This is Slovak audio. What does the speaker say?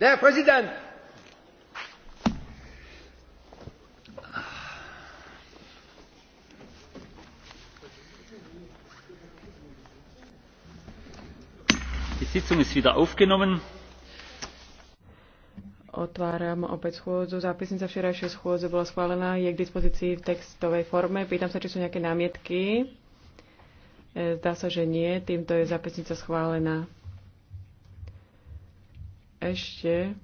Der Präsident! Die Sitzung ist wieder aufgenommen. Otváram opäť schôdzu. Zápisnica včerajšej schôdze bola schválená, je k dispozícii v textovej forme. Pýtam sa, či sú nejaké námietky. E, zdá sa, že nie. Týmto je zapisnica schválená. Ešte